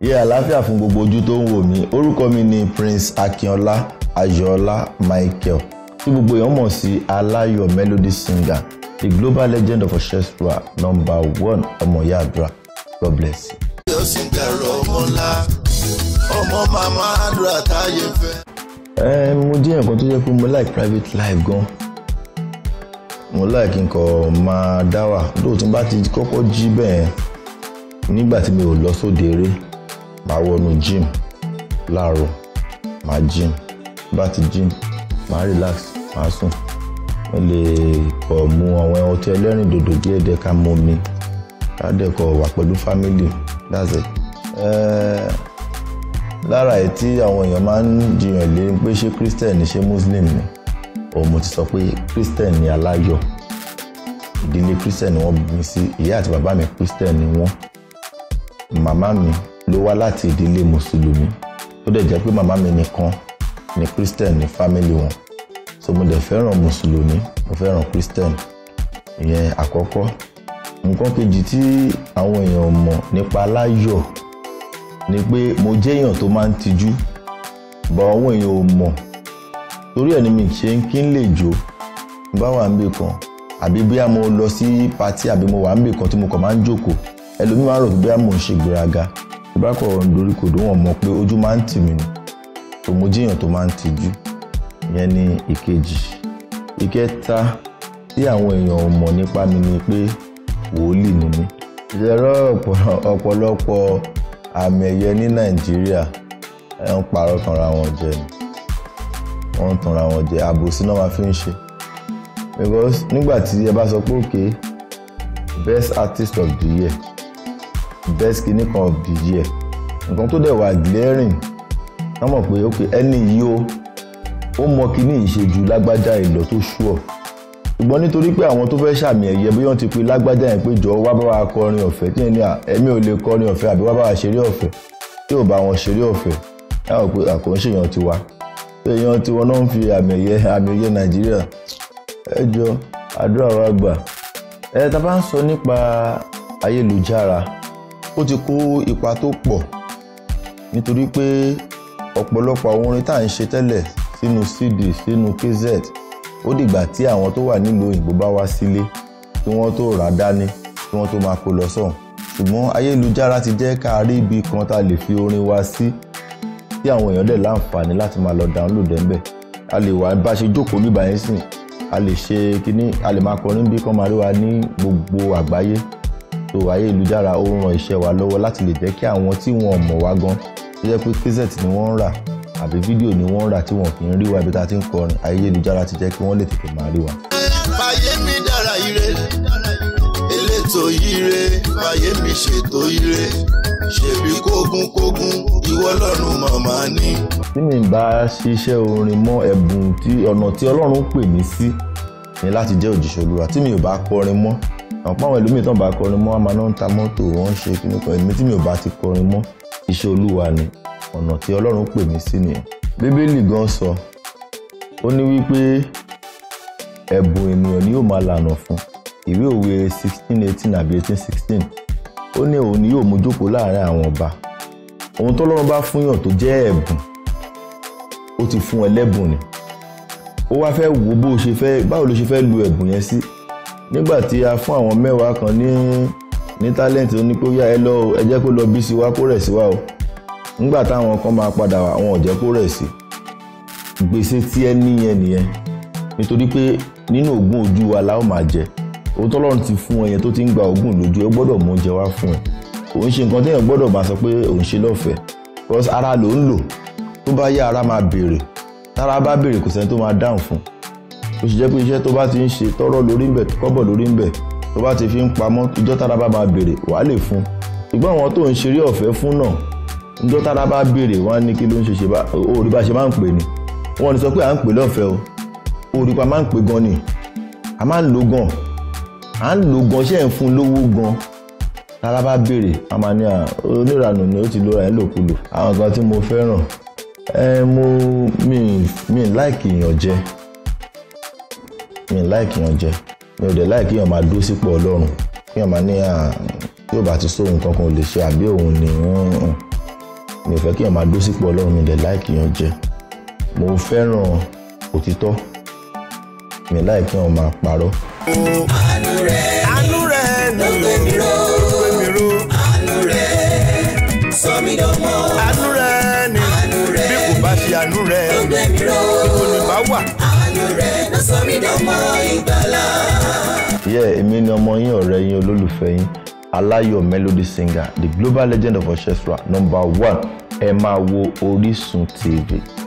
yẹ àlàáfíà fún gbogbo ojú tó ń wò mí orúkọ mi ni Prince Akínọlá Ayọ̀ọlá Michael tí gbogbo èèyàn mọ̀ sí Aláyọ̀ melody singer the global legend of orchestra number one ọmọ ìyá àdúrà God bless you. ó sì ń dẹ̀rọ ọmọ ńlá ọmọ màmá àdúrà táyé fẹ́. ẹ mo jẹ́ nǹkan tó jẹ́ pé mo like private life gan mo like nǹkan máa dá wà lóòótọ́ bá ti kọ́kọ́ jí bẹ́ẹ̀ nígbà tí mi ò lọ sóde eré. So màá wọnú gym láàárọ̀ màá gym bá ti gym màá relax màá sùn mo lè kọ̀ mu àwọn ọtí ẹlẹ́rìndòdò díẹ̀ díẹ̀ ká mu omi ládẹ́kọ̀ wà pẹ̀lú family that's it. Uh, lára ẹ̀ tí àwọn èèyàn máa ń jiyàn lé pé ṣé christian ni ṣé muslim ni òun mo ti sọ pé christian ni aláyọ̀ ìdílé christian ni wọ́n bí mi sí ìyá àti bàbá mi christian ni wọ́n màmá mi ló wá láti ìdílé mùsùlùmí ó dẹ̀ jẹ́ pé màmá mi nìkan ni christian ní family wọn so mo dẹ̀ fẹ́ràn mùsùlùmí mo fẹ́ràn christian ìyẹn àkọ́kọ́ nǹkan kejì tí àwọn èèyàn mọ̀ nípa láyọ̀ ni pé mo jẹ́ èèyàn tó máa ń tijú bọ̀ àwọn èèyàn ò mọ̀ torí ẹ̀ ni mi ṣe ń kí n lè jó bá wà ń bì kan àbí bí a mo lọ sí patí àbí mo wà ń bì kan tí mo kàn máa ń jókòó ẹlòmíràn rò bí a mo ń ṣe gbéraga tí bá kọ̀ lórí kòdó wọn mọ̀ pé ojú máa ń tì mí ni tòmójìyàn tó máa ń tijú ìyẹn ni ìkejì ìkẹta tí àwọn èèyàn ò mọ̀ nípa mi ni pé wòlíì ni mí ìṣẹ̀rọ ọ̀pọ̀lọpọ̀ àmì ẹ̀yẹ ní nàìjíríà ẹ̀ ń parọ́ tanra wọn jẹ ni wọ́n ń tanra wọn jẹ àbòsí náà máa fi ń ṣe because nígbà tí ẹ bá sọ pé òkè best artist of the year best kìíní kan of the year nǹkan tó dẹ̀ wà glaring wọ́n mọ̀ pé ok ẹni yìí o ó mọ kìíní yìí ṣe ju lágbájá ìlọ tó ṣùọ̀ ṣùgbọ́n nítorí pé àwọn tó fẹ́ ṣàmì ẹ̀yẹ bí wọ́n ti pe lágbájá yẹn pé jọ wá bá wa kọrin ọ̀fẹ́ tí yẹn ní ẹ̀mí ò lè kọrin ọ̀fẹ́ àbí wá bá wa ṣeré ọ̀fẹ́ tí ò bá wọn ṣeré ọ̀fẹ́ láwọn pé àkọ́ńṣe èèyàn tiwa èèyàn tiwọn náà ń fi àmì ẹ̀yẹ àmì ẹ̀yẹ Nàìjíríà ẹ jọ àdúrà wa gbà ẹ ta bá ń sọ nípa ayélujára ó ti kó ipa tó pọ̀ nítorí pé ọ̀pọ̀lọpọ̀ àwọn orin tá à ń ṣe tẹ́lẹ̀ sínú cd sínú kz ó dìgbà tí àwọn tó wà nílùú òyìnbó bá wá sílé kí wọ́n tó rà á dání kí wọ́n tó máa kó lọ sọ́hùn ṣùgbọ́n ayélujára ti jẹ́ ká rí ibi kan tá a lè fi orin wa sí tí àwọn èèyàn dẹ̀ láǹfààní láti máa lọ download ẹ̀ a lè wà bá ṣe jókòó bíbá sìn a lè ṣe kínní a lè máa kọrin bí kan máa rí wa ní gbogbo àgbáyé ètò ayélujára ó ran iṣẹ́ wa lọ́wọ́ láti lè jẹ́ kí àwọn tí wọn mọ̀ wá gan tó jẹ́ pé késẹ̀tì ni wọ́n ń rà àbí fídíò ni wọ́n ń rà tí wọn kì í rí wa ibi tá a ti ń kọrin ayélujára ti jẹ́ kí wọ́n lè tètè máa rí wa. fàyè mi dára ire elétò ire fàyè mi ṣètò ire ṣèbí kógún kógún ìwọ lọ́run màmá ní. tí mi bá ṣiṣẹ́ orin mọ́ ẹ̀bùn tí ọ̀nà tí Ọlọ́run pè mí sí ni láti jẹ́ òjíṣẹ́ Olúwa tí mi ò bá kọrin mọ́ ọ̀pọ̀ àwọn ẹlòmíì tán bá kọrin mọ́ àmà náà ń ta mọ́tò wọ́n ń ṣe kíní kan èmi tí mi ò bá ti kọrin mọ́ iṣẹ́ olúwa ni ọ̀nà tí ọlọ́run pè mí sí nìyẹn bíbélì gan sọ ó ní wípé ẹ̀bùn ènìyàn ni yóò máa lànà fún ìwé òwe sixteen eighteen àbí eighteen sixteen ó ní òun ni yóò mú jókòó láàrin àwọn ọba ohun tọ́lọ́run bá fún yàn tó jẹ́ ẹ̀bùn ó ti fún ẹlẹ́bùn ni ó wá fẹ́ wo bó ṣe fẹ́ báwo ló ṣe fẹ́ lu ẹ̀bùn yẹn sí nígbà tí a fún àwọn mẹ́wàá kan ní ní tálẹ́ǹtì ó ní pé yá ẹ lọ ẹ jẹ́ kó lọ bí sí wa kó rẹ̀ sí wa o nígbà táwọn kan máa padà wá àwọn ò jẹ́ kó rẹ̀ sí gbèsè tí ẹ níyẹn nìyẹn nítorí pé nínú ògùn ojú wa la ó máa jẹ òun tọ́lọ́run ti fún ẹyẹ tó ti ń gba ògùn lójú ẹ gbọ́dọ̀ mú oúnjẹ wá fún ẹ òun ṣe nǹkan téèyàn gbọ́dọ̀ máa sọ pé òun ṣe lọ́fẹ̀ẹ́ because ara ló ń lò tó bá yá ara máa béèrè tára bá béèrè kò sẹ́ni tó máa dáhùn fún un ó sì jẹ́ pé iṣẹ́ tó bá ti ń ṣe tọ́rọ̀ lórí ń bẹ̀ kọ́bọ̀ lórí ń bẹ̀ tó bá ti fi ń pamọ́ ìjọ́ tára bá máa béèrè wàá lè fún ṣùgbọ́n àwọn tó ń ṣeré ọ̀fẹ́ fún náà ìjọ́ tára bá béèrè wọ́n á ní kí ló ń ṣe ṣe bá òòrì bá ṣe máa ń pè ní wọ́n ní sọ pé à ń pè lọ́fẹ̀ẹ́ o òòrì pa máa ń pè gan ni a máa ń lo gan à ń lo gan ṣe ń fún lówó gan tára bá béèrè a máa ní oníranù ni ó ti lóra ẹ̀ lòkulò àwọn kan tí mo fẹ́ràn ẹ mo mi mi láìkì ìyànjẹ mi like kí yàn jẹ mi ò dẹ̀ láì kí yàn máa dó sípò ọlọ́run kí yàn máa ní tí ò bá ti sóhun kankan ò lè ṣe àbí òun ni mi ò fẹ́ kí yàn máa dó sípò ọlọ́run mi ò dẹ̀ láì kí yàn jẹ mo fẹ́ràn òtítọ́ mi láì kí máa parọ́. àánú rẹ̀ àánú rẹ̀ ló gbé mi ró àánú rẹ̀ sọ mi dánmọ́ àánú rẹ̀ ni bí kò bá ṣe àánú rẹ̀ ibo ni bá wà àánú rẹ̀ sọ mí dọmọ ìgbàlà. yẹ èmi ni ọmọ yín ọ̀rẹ́ yín olólùfẹ́ yín aláyọ̀ melody singer the global legend of orchestra number one ẹ máa wo Orísun TV.